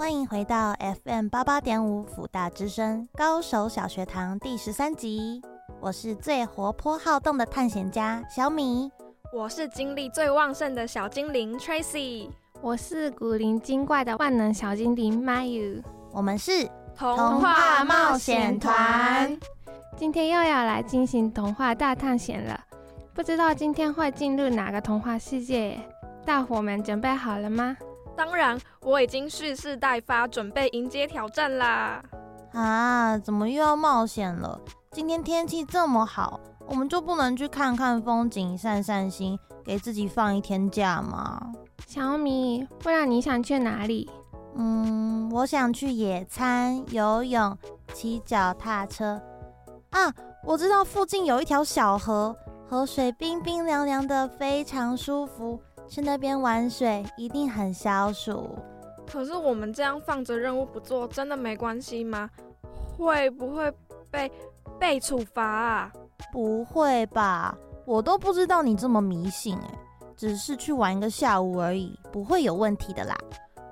歡迎回到 FM 八八點五輔大之聲高手小學堂第十三集。我是最活潑好動的探險家小米，我是精力最旺盛的小精靈 Tracy，我是古靈精怪的萬能小精靈 Mayu，我們是童話冒險團。今天又要來進行童話大探險了，不知道今天會進入哪個童話世界？大夥們準備好了嗎？當然，我已經蓄勢待發，準備迎接挑戰啦！啊，怎麼又要冒險了？今天天氣這麼好，我們就不能去看看風景、散散心，給自己放一天假嗎？小米，不然你想去哪裡？嗯，我想去野餐、游泳、騎腳踏車。啊，我知道附近有一條小河，河水冰冰涼涼涼的，非常舒服。去那邊玩水一定很消暑，可是我們這樣放着任務不做，真的沒關係嗎？會不會被被處罰啊？不會吧，我都不知道你這麼迷信，欸，只是去玩一個下午而已，不會有問題的啦。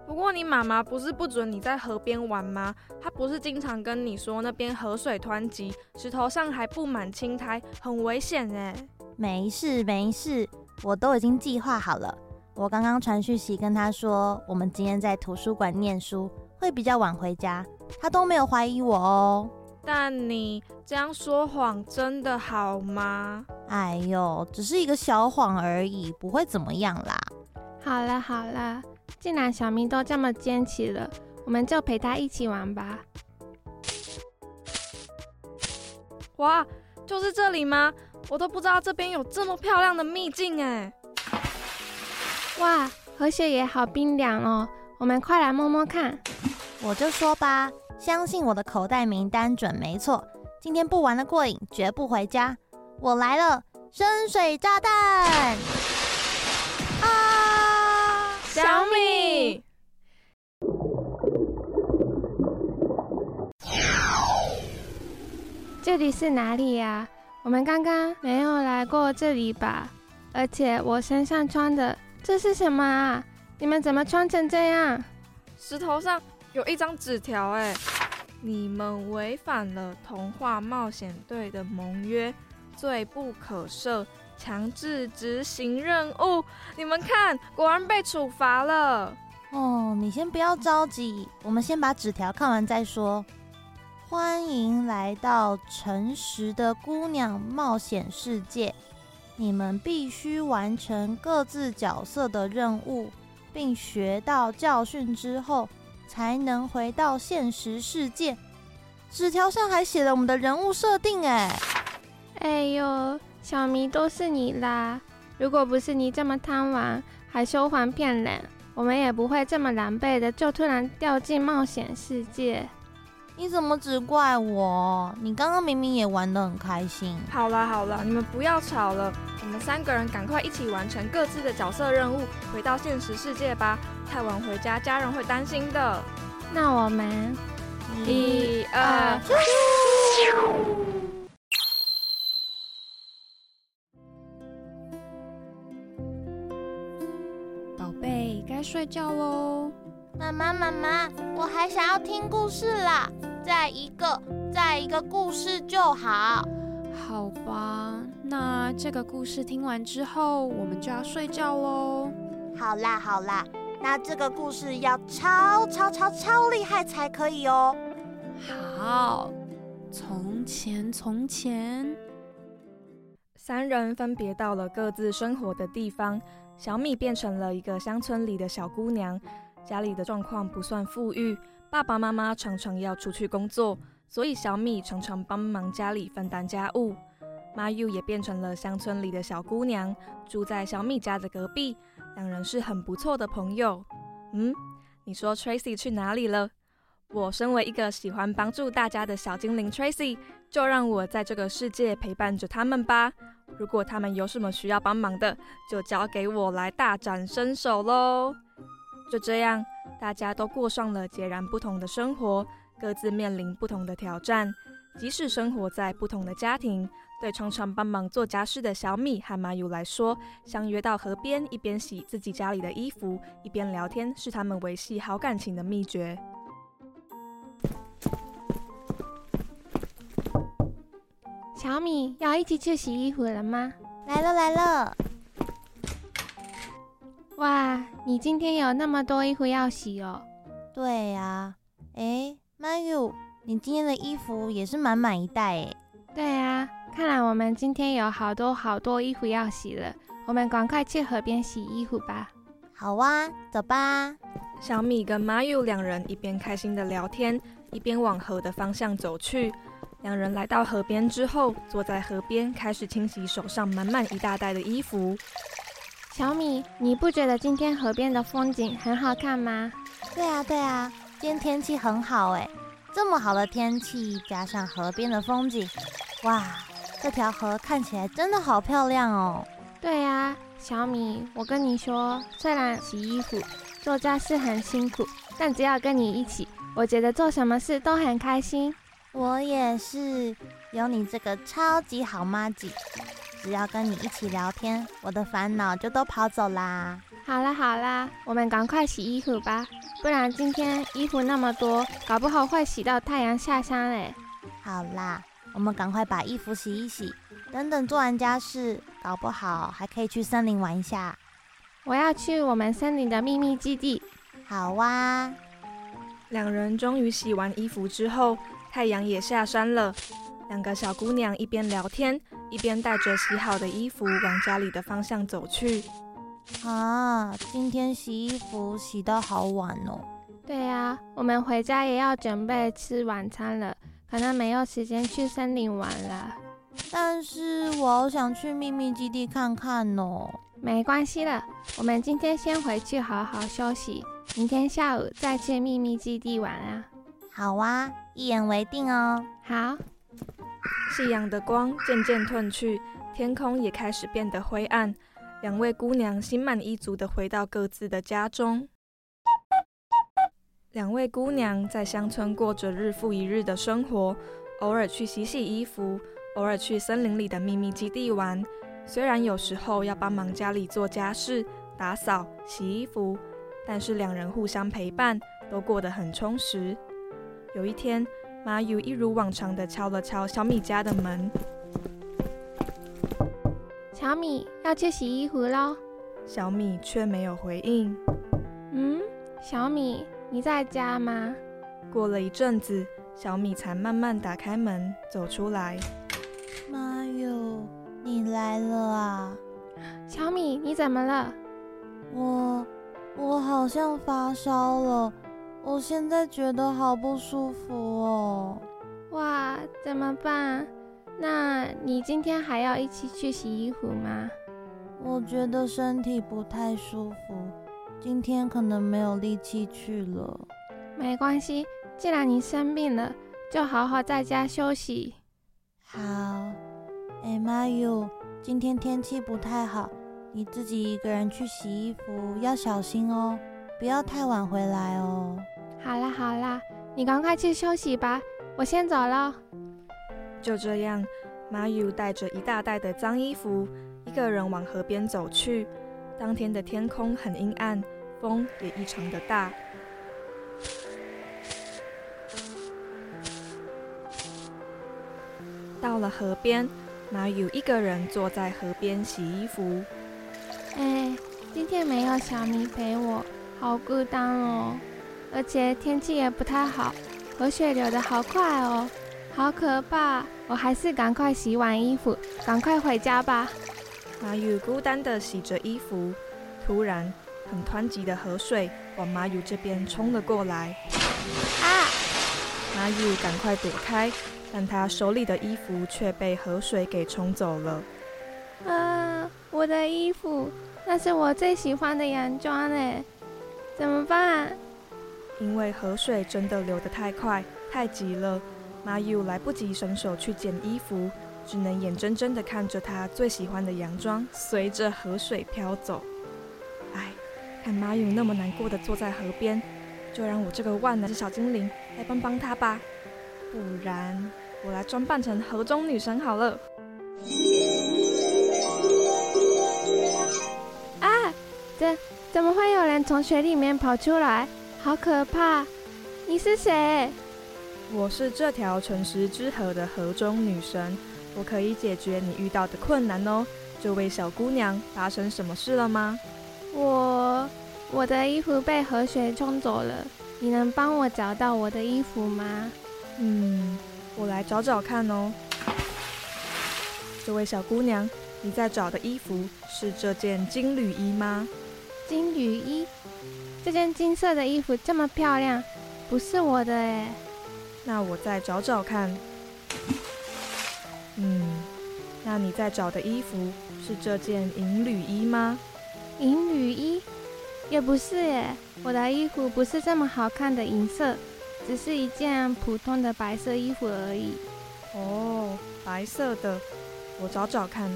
不過你媽媽不是不准你在河邊玩嗎？她不是經常跟你說那邊河水湍急，石頭上還佈滿青苔，很危險誒，欸，沒事沒事。我都已經計劃好了，我剛剛傳訊息跟他說，我們今天在圖書館念書會比較晚回家，他都沒有懷疑我哦。但你這樣說謊真的好嗎？哎呦，只是一個小謊而已，不會怎麼樣啦。好了好了，既然小咪都這麼堅持了，我們就陪他一起玩吧。哇，就是這裡嗎？我都不知道這邊有這麼漂亮的秘境哎！哇，河水也好冰涼哦，我們快來摸摸看。我就說吧，相信我的口袋名單準沒錯。今天不玩得過癮，絕不回家。我來了，深水炸彈！啊，小米，這裡是哪裡呀？我們剛剛沒有來過這裡吧？而且我身上穿的這是什麼啊？你們怎麼穿成這樣？石頭上有一張紙條，欸，哎，你們違反了童話冒險隊的盟約，罪不可赦，強制執行任務。你們看，果然被處罰了。哦，你先不要着急，我們先把紙條看完再說。歡迎來到誠實的姑娘冒險世界。你們必須完成各自角色的任務，並學到教訓之後，才能回到現實世界。紙條上還寫了我們的人物設定，哎，哎呦，小迷都是你啦！如果不是你這麼貪玩，還說謊騙人，我們也不會這麼狼狽的，就突然掉進冒險世界。你怎麼只怪我？你剛剛明明也玩得很開心。好了好了，你們不要吵了。我們三個人趕快一起完成各自的角色任務，回到現實世界吧。太晚回家，家人會擔心的。那我們，嗯、一二，三寶貝，該睡覺嘍。媽媽媽媽，我還想要聽故事啦。再一個，再一個故事就好。好吧，那這個故事聽完之後，我們就要睡覺嘍。好啦好啦，那這個故事要超超超超厲害才可以哦。好，從前從前，三人分別到了各自生活的地方。小米變成了一個鄉村裡的小姑娘，家裡的狀況不算富裕。爸爸媽媽常常要出去工作，所以小米常常幫忙家裡分擔家務。Mayu 也變成了鄉村裡的小姑娘，住在小米家的隔壁，兩人是很不錯的朋友。嗯，你說 Tracy 去哪裡了？我身為一個喜歡幫助大家的小精靈 Tracy，就讓我在這個世界陪伴着他們吧。如果他們有什麼需要幫忙的，就交給我來大展身手嘍。就這樣，大家都過上了截然不同的生活，各自面臨不同的挑戰。即使生活在不同的家庭，對常常幫忙做家事的小米和麻友來說，相約到河邊，一邊洗自己家裡的衣服，一邊聊天，是他們維繫好感情的秘訣。小米，要一起去洗衣服了嗎？來了來了。來了哇，你今天有那麼多衣服要洗哦！對呀，啊，哎媽喲！你今天的衣服也是滿滿一袋。誒，對啊，看來我們今天有好多好多衣服要洗了，我們趕快去河邊洗衣服吧。好哇，啊，走吧。小米跟媽喲兩人一邊開心的聊天，一邊往河的方向走去。兩人來到河邊之後，坐在河邊開始清洗手上滿滿一大袋的衣服。小米，你不覺得今天河邊的風景很好看嗎？對啊，對啊，今天天氣很好誒，這麼好的天氣加上河邊的風景，哇，這條河看起來真的好漂亮哦。對啊，小米，我跟你說，雖然洗衣服、做家事很辛苦，但只要跟你一起，我覺得做什麼事都很開心。我也是，有你這個超級好麻吉。只要跟你一起聊天，我的煩惱就都跑走啦。好了好了，我們趕快洗衣服吧，不然今天衣服那麼多，搞不好會洗到太陽下山誒，好啦，我們趕快把衣服洗一洗，等等做完家事，搞不好還可以去森林玩一下。我要去我們森林的祕密基地。好哇、啊。兩人終於洗完衣服之後，太陽也下山了。兩個小姑娘一邊聊天。一邊帶着洗好的衣服往家裡的方向走去。啊，今天洗衣服洗得好晚哦。對呀，我們回家也要準備吃晚餐了，可能沒有時間去森林玩了。但是我好想去秘密基地看看哦。沒關係了，我們今天先回去好好休息，明天下午再去秘密基地玩啊。好哇，一言為定哦。好。夕陽的光漸漸褪去，天空也開始變得灰暗。兩位姑娘心滿意足地回到各自的家中。兩位姑娘在鄉村過着日復一日的生活，偶爾去洗洗衣服，偶爾去森林裡的秘密基地玩。雖然有時候要幫忙家裡做家事、打掃、洗衣服，但是兩人互相陪伴，都過得很充實。有一天，馬友一如往常的敲了敲小米家的門。小米要去洗衣服了，小米卻沒有回應。嗯，小米，你在家嗎？過了一陣子，小米才慢慢打開門走出來。馬友，你來了啊！小米，你怎麼了？我，我好像發燒了。我現在覺得好不舒服哦，哇，怎麼辦？那你今天還要一起去洗衣服嗎？我覺得身體不太舒服，今天可能沒有力氣去了。沒關係，既然你生病了，就好好在家休息。好。哎，媽喲，今天天氣不太好，你自己一個人去洗衣服要小心哦，不要太晚回來哦。好啦，好啦，你趕快去休息吧，我先走了。就這樣，馬友帶着一大袋的髒衣服，一個人往河邊走去。當天的天空很陰暗，風也異常的大。 到了河邊，馬友一個人坐在河邊洗衣服。哎，今天沒有小咪陪我，好孤單哦。而且天氣也不太好，河水流得好快哦，好可怕！我還是趕快洗完衣服，趕快回家吧。馬宇孤單的洗着衣服，突然，很湍急的河水往馬宇這邊衝了過來。啊！馬宇趕快躲開，但他手裡的衣服卻被河水給衝走了。啊，我的衣服，那是我最喜歡的洋裝耶，怎麼辦？因為河水真的流得太快、太急了，馬友來不及伸手去撿衣服，只能眼睜睜地看着他最喜歡的洋裝隨着河水飄走。哎，看馬友那麼難過的坐在河邊，就讓我這個萬能的小精靈來幫幫他吧，不然我來裝扮成河中女神好了。啊，怎怎麼會有人從水裡面跑出來？好可怕！你是誰？我是這條誠實之河的河中女神，我可以解決你遇到的困難哦。這位小姑娘，發生什麼事了嗎？我我的衣服被河水沖走了，你能幫我找到我的衣服嗎？嗯，我來找找看哦。這位小姑娘，你在找的衣服是這件金縷衣嗎？金縷衣。這件金色的衣服這麼漂亮，不是我的哎。那我再找找看。嗯，那你在找的衣服是這件銀縷衣嗎？銀縷衣，也不是哎，我的衣服不是這麼好看的銀色，只是一件普通的白色衣服而已。哦，白色的，我找找看。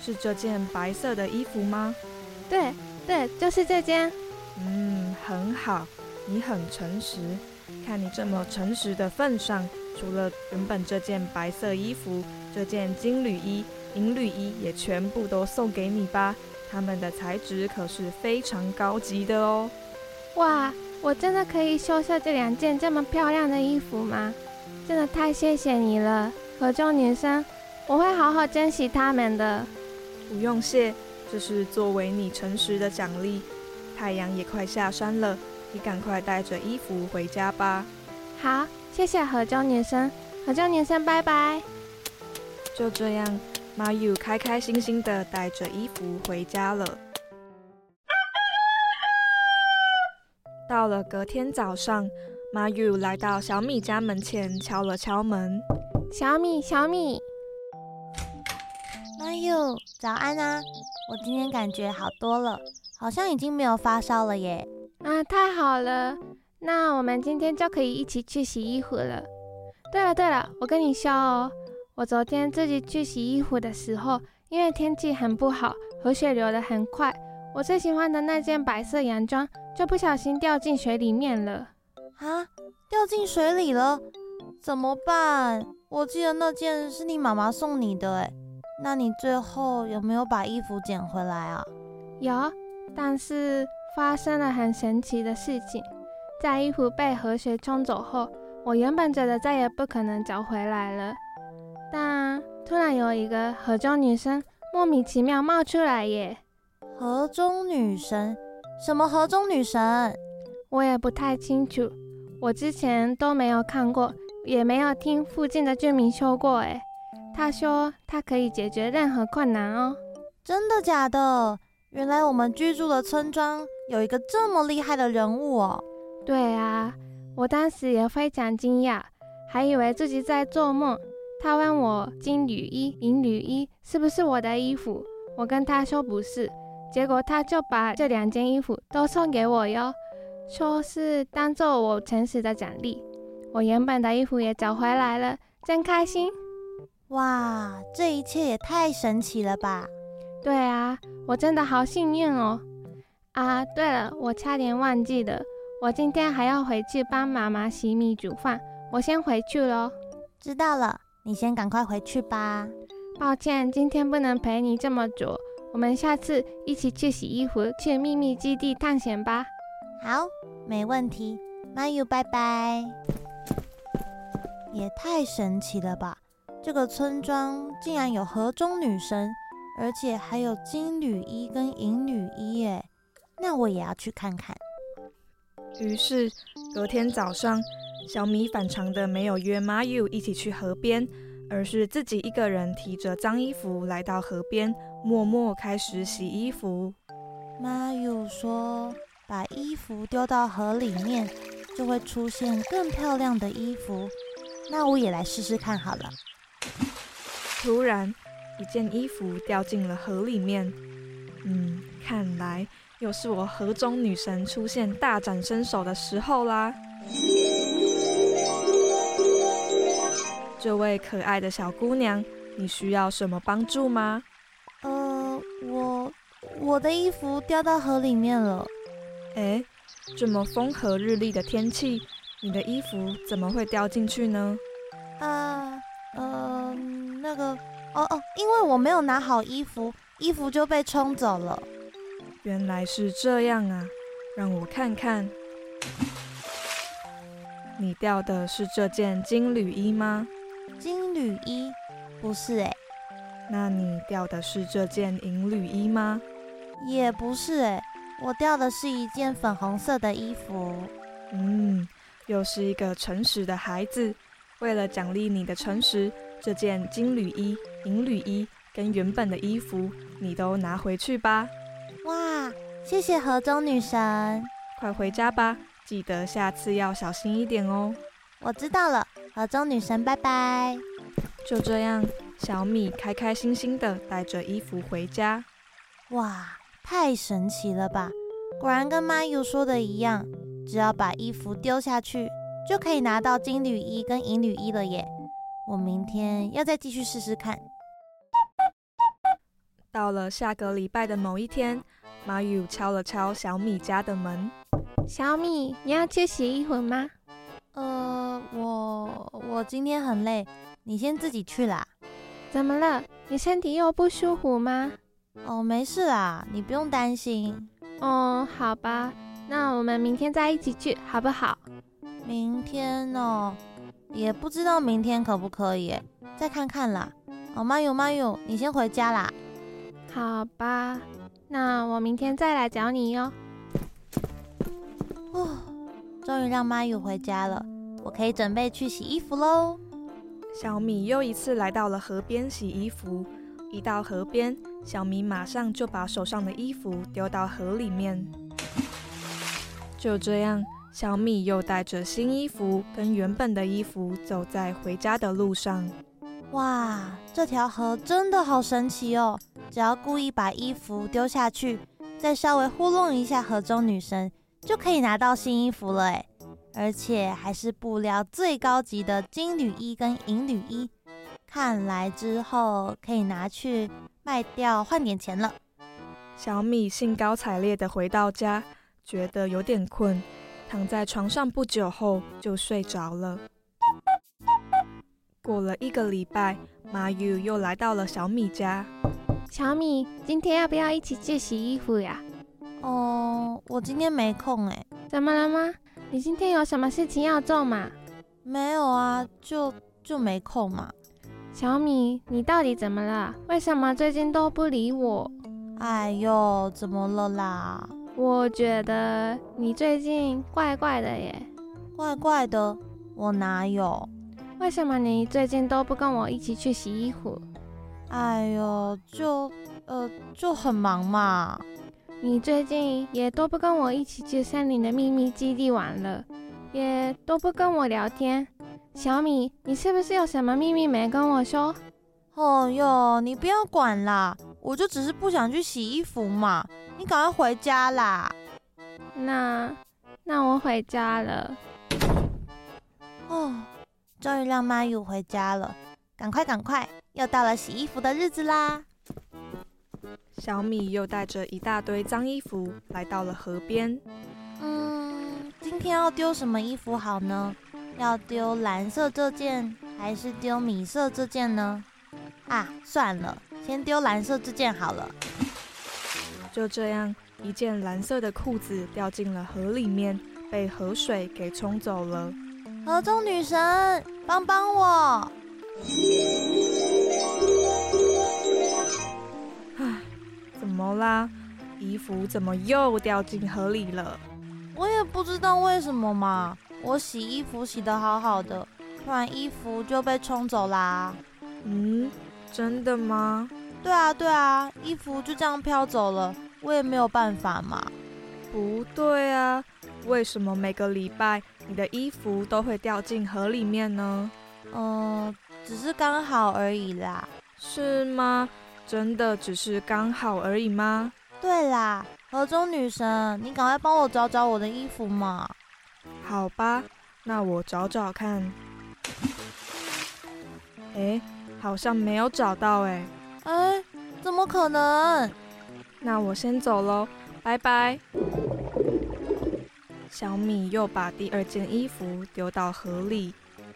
是這件白色的衣服嗎？對，對，就是這件。嗯，很好，你很誠實。看你這麼誠實的份上，除了原本這件白色衣服，這件金縷衣、銀縷衣也全部都送給你吧。它們的材質可是非常高級的哦。哇，我真的可以收下這兩件這麼漂亮的衣服嗎？真的太謝謝你了，河中女神，我會好好珍惜它們的。不用謝，這是作為你誠實的獎勵。太陽也快下山了，你趕快帶着衣服回家吧。好，謝謝河江女生，河江女生拜拜。就這樣，馬宇開開心心的帶着衣服回家了。 到了隔天早上，馬宇來到小米家門前，敲了敲門：“小米，小米，馬宇，早安啊！我今天感覺好多了。”好像已經沒有發燒了耶！啊，太好了，那我們今天就可以一起去洗衣服了。對了對了，我跟你說哦，我昨天自己去洗衣服的時候，因為天氣很不好，河水流得很快，我最喜歡的那件白色洋裝就不小心掉進水裡面了。啊，掉進水裡了，怎麼辦？我記得那件是你媽媽送你的耶，那你最後有沒有把衣服撿回來啊？有。但是發生了很神奇的事情，在衣服被河水沖走後，我原本覺得再也不可能找回來了，但突然有一個河中女神莫名其妙冒出來耶！河中女神？什麼河中女神？我也不太清楚，我之前都沒有看過，也沒有聽附近的居民說過耶。他說他可以解決任何困難哦，真的假的？原來我們居住的村莊有一個這麼厲害的人物哦！對啊，我當時也非常驚訝，還以為自己在做夢。他問我金縷衣、銀縷衣是不是我的衣服，我跟他說不是，結果他就把這兩件衣服都送給我喲，說是當做我誠實的獎勵。我原本的衣服也找回來了，真開心！哇，這一切也太神奇了吧！對啊，我真的好幸運哦！啊，對了，我差點忘記了，我今天還要回去幫媽媽洗米煮飯，我先回去咯。知道了，你先趕快回去吧。抱歉，今天不能陪你這麼久，我們下次一起去洗衣服，去秘密基地探險吧。好，沒問題，貓油，拜拜。也太神奇了吧！這個村莊竟然有河中女神！而且還有金縷衣跟銀縷衣誒，那我也要去看看。於是隔天早上，小米反常的沒有約媽友一起去河邊，而是自己一個人提着髒衣服來到河邊，默默開始洗衣服。媽友說，把衣服丟到河裡面，就會出現更漂亮的衣服。那我也來試試看好了。突然。一件衣服掉進了河裡面，嗯，看來又是我河中女神出現大展身手的時候啦。 這位可愛的小姑娘，你需要什麼幫助嗎？呃，我我的衣服掉到河裡面了。哎，這麼風和日麗的天氣，你的衣服怎麼會掉進去呢？啊，呃，呃，那個。哦哦，因為我沒有拿好衣服，衣服就被沖走了。原來是這樣啊，讓我看看，你掉的是這件金縷衣嗎？金縷衣，不是誒。那你掉的是這件銀縷衣嗎？也不是誒，我掉的是一件粉紅色的衣服。嗯，又是一個誠實的孩子。為了獎勵你的誠實，這件金縷衣、銀縷衣跟原本的衣服，你都拿回去吧。哇，謝謝河中女神！快回家吧，記得下次要小心一點哦。我知道了，河中女神，拜拜。就這樣，小米開開心心的帶着衣服回家。哇，太神奇了吧！果然跟媽又說的一樣，只要把衣服丟下去，就可以拿到金縷衣跟銀縷衣了耶！我明天要再繼續試試看。到了下個禮拜的某一天，馬友敲了敲小米家的門。小米，你要去洗衣服嗎？呃，我我今天很累，你先自己去啦。怎麼了？你身體又不舒服嗎？哦，沒事啦，你不用擔心。哦，好吧，那我們明天再一起去，好不好？明天哦，也不知道明天可不可以，再看看啦。哦，馬友，馬友，你先回家啦。好吧，那我明天再來找你喲。哦，終於讓媽又回家了，我可以準備去洗衣服嘍。小米又一次來到了河邊洗衣服，一到河邊，小米馬上就把手上的衣服丟到河裡面。就這樣，小米又帶着新衣服跟原本的衣服走在回家的路上。哇，這條河真的好神奇哦！只要故意把衣服丟下去，再稍微糊弄一下河中女神，就可以拿到新衣服了誒！而且還是布料最高級的金縷衣跟銀縷衣，看來之後可以拿去賣掉換點錢了。小米興高采烈的回到家，覺得有點困，躺在床上不久後就睡着了。過了一個禮拜，馬友又來到了小米家。小米，今天要不要一起去洗衣服呀？哦，我今天沒空哎。怎麼了嗎？你今天有什麼事情要做嗎？沒有啊，就就沒空嘛。小米，你到底怎麼了？為什麼最近都不理我？哎呦，怎麼了啦？我覺得你最近怪怪的耶。怪怪的？我哪有？為什麼你最近都不跟我一起去洗衣服？哎呦，就呃就很忙嘛。你最近也都不跟我一起去森林的秘密基地玩了，也都不跟我聊天。小米，你是不是有什麼秘密沒跟我說？哦喲，你不要管啦，我就只是不想去洗衣服嘛。你趕快回家啦。那那我回家了。哦。終於讓媽又回家了，趕快趕快，又到了洗衣服的日子啦！小米又帶着一大堆髒衣服來到了河邊。嗯，今天要丟什麼衣服好呢？要丟藍色這件，還是丟米色這件呢？啊，算了，先丟藍色這件好了。就這樣，一件藍色的褲子掉進了河裡面，被河水給沖走了。河中女神，幫幫我！怎麼啦？衣服怎麼又掉進河裡了？我也不知道為什麼嘛。我洗衣服洗得好好的，突然衣服就被沖走啦。嗯，真的嗎？對啊對啊，衣服就這樣飄走了，我也沒有辦法嘛。不對啊，為什麼每個禮拜？你的衣服都會掉進河裡面呢？嗯、呃，只是剛好而已啦。是嗎？真的只是剛好而已嗎？對啦，河中女神，你趕快幫我找找我的衣服嘛。好吧，那我找找看。哎，好像沒有找到哎、欸。哎，怎麼可能？那我先走嘍，拜拜。小米又把第二件衣服丟到河裡，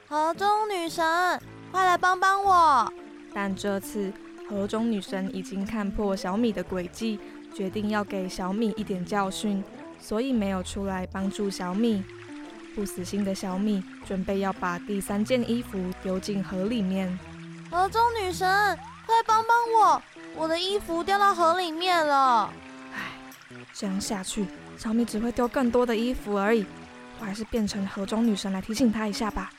河中女神，快來幫幫我！但這次河中女神已經看破小米的詭計，決定要給小米一點教訓，所以沒有出來幫助小米。不死心的小米準備要把第三件衣服丟進河裡面，河中女神，快幫幫我！我的衣服掉到河裡面了。唉，這樣下去。小米只會丟更多的衣服而已，我還是變成河中女神來提醒他一下吧。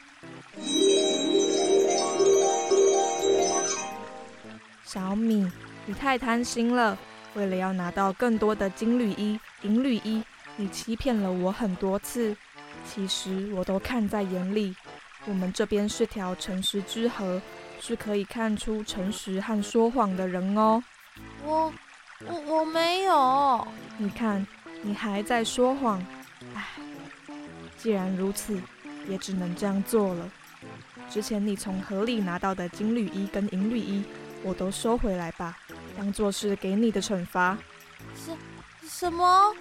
小米，你太貪心了！為了要拿到更多的金縷衣、銀縷衣，你欺騙了我很多次，其實我都看在眼裡。我們這邊是條誠實之河，是可以看出誠實和說謊的人哦。我、我、我沒有。你看。你還在說謊，唉，既然如此，也只能這樣做了。之前你從河裡拿到的金縷衣跟銀縷衣，我都收回來吧，當做是給你的懲罰。什？什麼？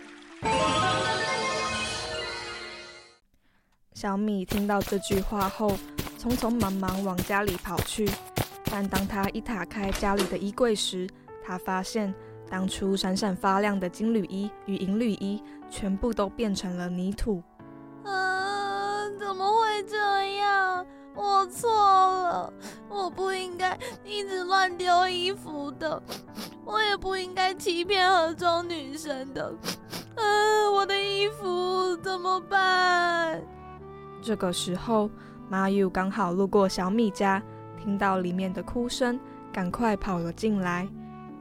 小米聽到這句話後，匆匆忙忙往家裡跑去。但當他一打開家裡的衣櫃時，他發現。當初閃閃發亮的金縷衣與銀縷衣，全部都變成了泥土。嗯、啊，怎麼會這樣？我錯了，我不應該一直亂丟衣服的，我也不應該欺騙河中女神的。嗯、啊，我的衣服怎麼辦？這個時候，馬又剛好路過小米家，聽到裡面的哭聲，趕快跑了進來。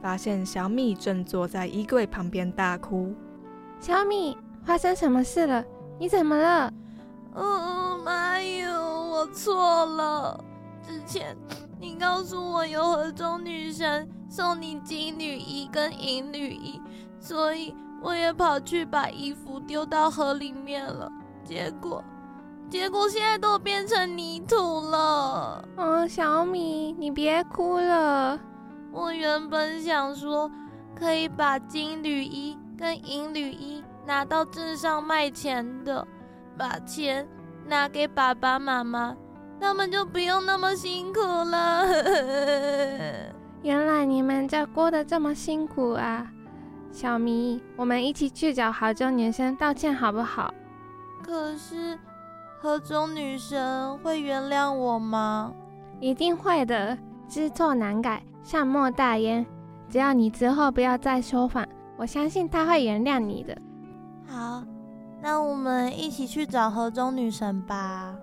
發現小米正坐在衣櫃旁邊大哭。小米，發生什麼事了？你怎麼了？Oh my god！我錯了。之前你告訴我有河中女神送你金縷衣跟銀縷衣，所以我也跑去把衣服丟到河裡面了。結果，結果現在都變成泥土了。嗯、哦，小米，你別哭了。我原本想說，可以把金縷衣跟銀縷衣拿到鎮上賣錢的，把錢拿給爸爸媽媽，他們就不用那麼辛苦了。 原來你們家過得這麼辛苦啊，小迷，我們一起去找河中女生道歉好不好？可是，河中女神會原諒我嗎？一定會的，知錯難改。善莫大焉，只要你之後不要再說謊，我相信他會原諒你的。好，那我們一起去找河中女神吧。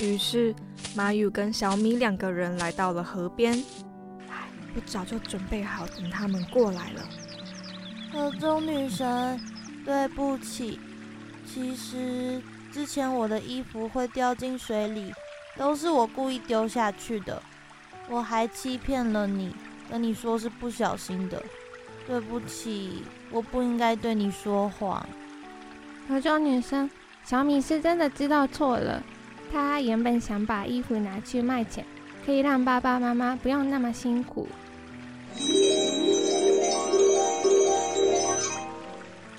於是，馬宇跟小米兩個人來到了河邊。唉，我早就準備好等他們過來了。河中女神，對不起，其實之前我的衣服會掉進水裡，都是我故意丟下去的。我還欺騙了你，跟你說是不小心的，對不起，我不應該對你說謊。小周女生，小米是真的知道錯了，她原本想把衣服拿去賣錢，可以讓爸爸媽媽不用那麼辛苦。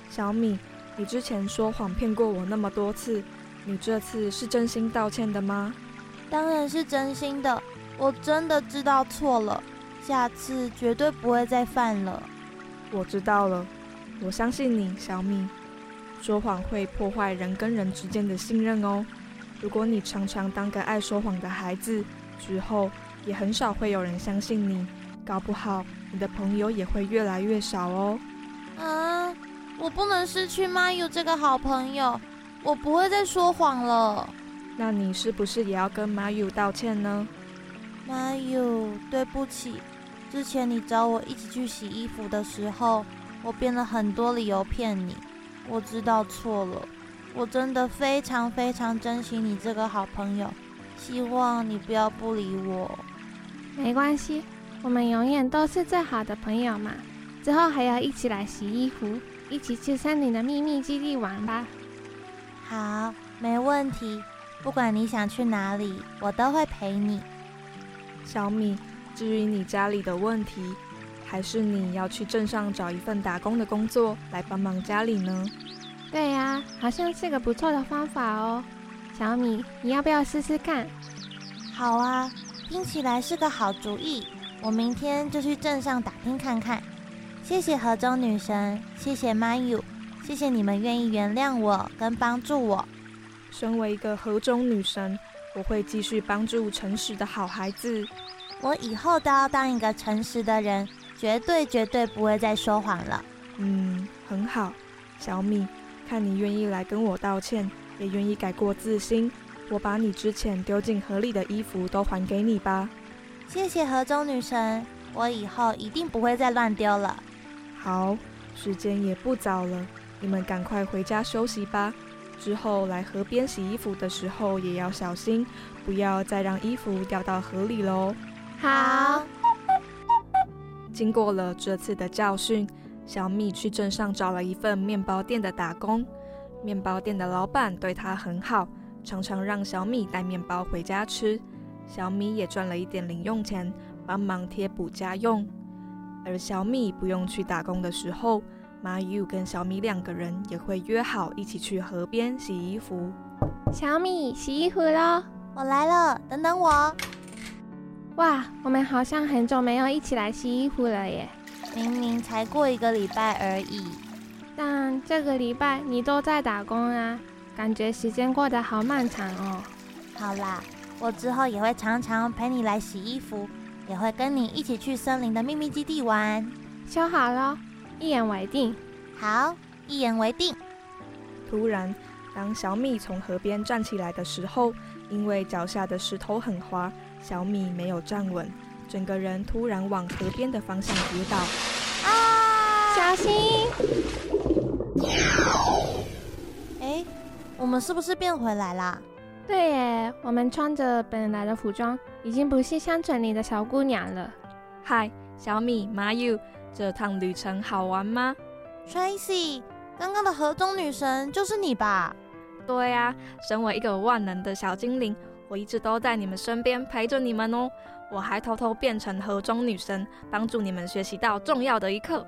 小米，你之前說謊騙過我那麼多次，你這次是真心道歉的嗎？當然是真心的。我真的知道錯了，下次絕對不會再犯了。我知道了，我相信你，小米。說謊會破壞人跟人之間的信任哦。如果你常常當個愛說謊的孩子，之後也很少會有人相信你，搞不好你的朋友也會越來越少哦。啊！我不能失去媽友這個好朋友，我不會再說謊了。那你是不是也要跟媽友道歉呢？媽喲，you，對不起，之前你找我一起去洗衣服的時候，我編了很多理由騙你。我知道錯了，我真的非常非常珍惜你這個好朋友，希望你不要不理我。沒關係，我們永遠都是最好的朋友嘛。之後還要一起來洗衣服，一起去山裡的秘密基地玩吧。好，沒問題，不管你想去哪裡，我都會陪你。小米，至於你家裡的問題，還是你要去鎮上找一份打工的工作來幫忙家裡呢？對呀，好像是個不錯的方法哦。小米，你要不要試試看？好啊，聽起來是個好主意。我明天就去鎮上打聽看看。謝謝河中女神，謝謝媽友，謝謝你們願意原諒我跟幫助我。身為一個河中女神。我會繼續幫助誠實的好孩子。我以後都要當一個誠實的人，絕對絕對不會再說謊了。嗯，很好，小米，看你願意來跟我道歉，也願意改過自新，我把你之前丟進河裡的衣服都還給你吧。謝謝河中女神，我以後一定不會再亂丟了。好，時間也不早了，你們趕快回家休息吧。之後來河邊洗衣服的時候也要小心，不要再讓衣服掉到河裡嘍。好，經過了這次的教訓，小米去鎮上找了一份麵包店的打工。麵包店的老闆對她很好，常常讓小米帶麵包回家吃。小米也賺了一點零用錢，幫忙貼補家用。而小米不用去打工的時候，媽 y 跟小米兩個人也會約好一起去河邊洗衣服。小米，洗衣服啦！我來了，等等我。哇，我們好像很久沒有一起來洗衣服了耶！明明才過一個禮拜而已，但這個禮拜你都在打工啊，感覺時間過得好漫長哦。好啦，我之後也會常常陪你來洗衣服，也會跟你一起去森林的秘密基地玩。修好了。一言為定，好，一言為定。突然，當小米從河邊站起來的時候，因為腳下的石頭很滑，小米沒有站穩，整個人突然往河邊的方向跌倒。啊！小心！哎，我們是不是變回來啦？對耶，我們穿着本來的服裝，已經不是鄉村裡的小姑娘了。嗨，小米、麻友。這趟旅程好玩嗎，Tracy？剛剛的河中女神就是你吧？對呀，身為一個萬能的小精靈，我一直都在你們身邊陪着你們哦。我還偷偷變成河中女神，幫助你們學習到重要的一課。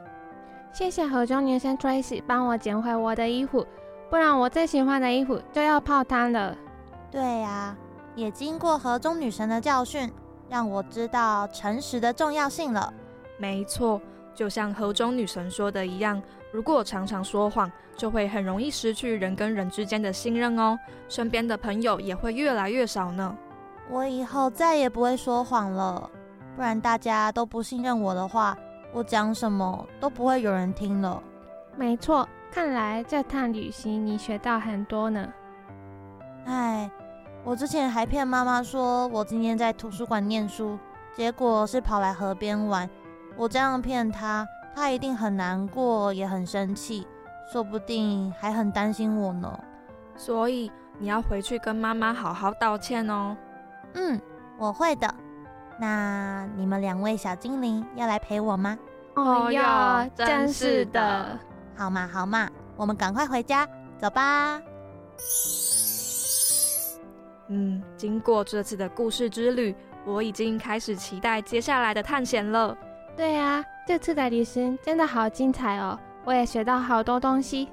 謝謝河中女神 Tracy 幫我撿回我的衣服，不然我最喜歡的衣服就要泡湯了。對呀，也經過河中女神的教訓，讓我知道誠實的重要性了。沒錯。就像河中女神說的一樣，如果常常說謊，就會很容易失去人跟人之間的信任哦，身邊的朋友也會越來越少呢。我以後再也不會說謊了，不然大家都不信任我的話，我講什麼都不會有人聽了。沒錯，看來這趟旅行你學到很多呢。唉，我之前還騙媽媽說我今天在圖書館念書，結果是跑來河邊玩。我這樣騙他，他一定很難過，也很生氣，說不定還很擔心我呢。所以你要回去跟媽媽好好道歉哦。嗯，我會的。那你們兩位小精靈要來陪我嗎？哎呀，真是的。好嘛好嘛，我們趕快回家，走吧。嗯，經過這次的故事之旅，我已經開始期待接下來的探險了。對呀、啊，這次的旅行真的好精彩哦！我也學到好多東西。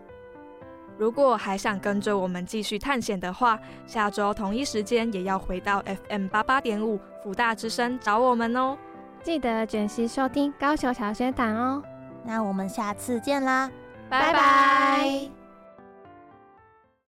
如果還想跟着我們繼續探險的話，下周同一時間也要回到 FM 八八點五輔大之聲找我們哦。記得準時收聽高手小學堂哦。那我們下次見啦，拜拜。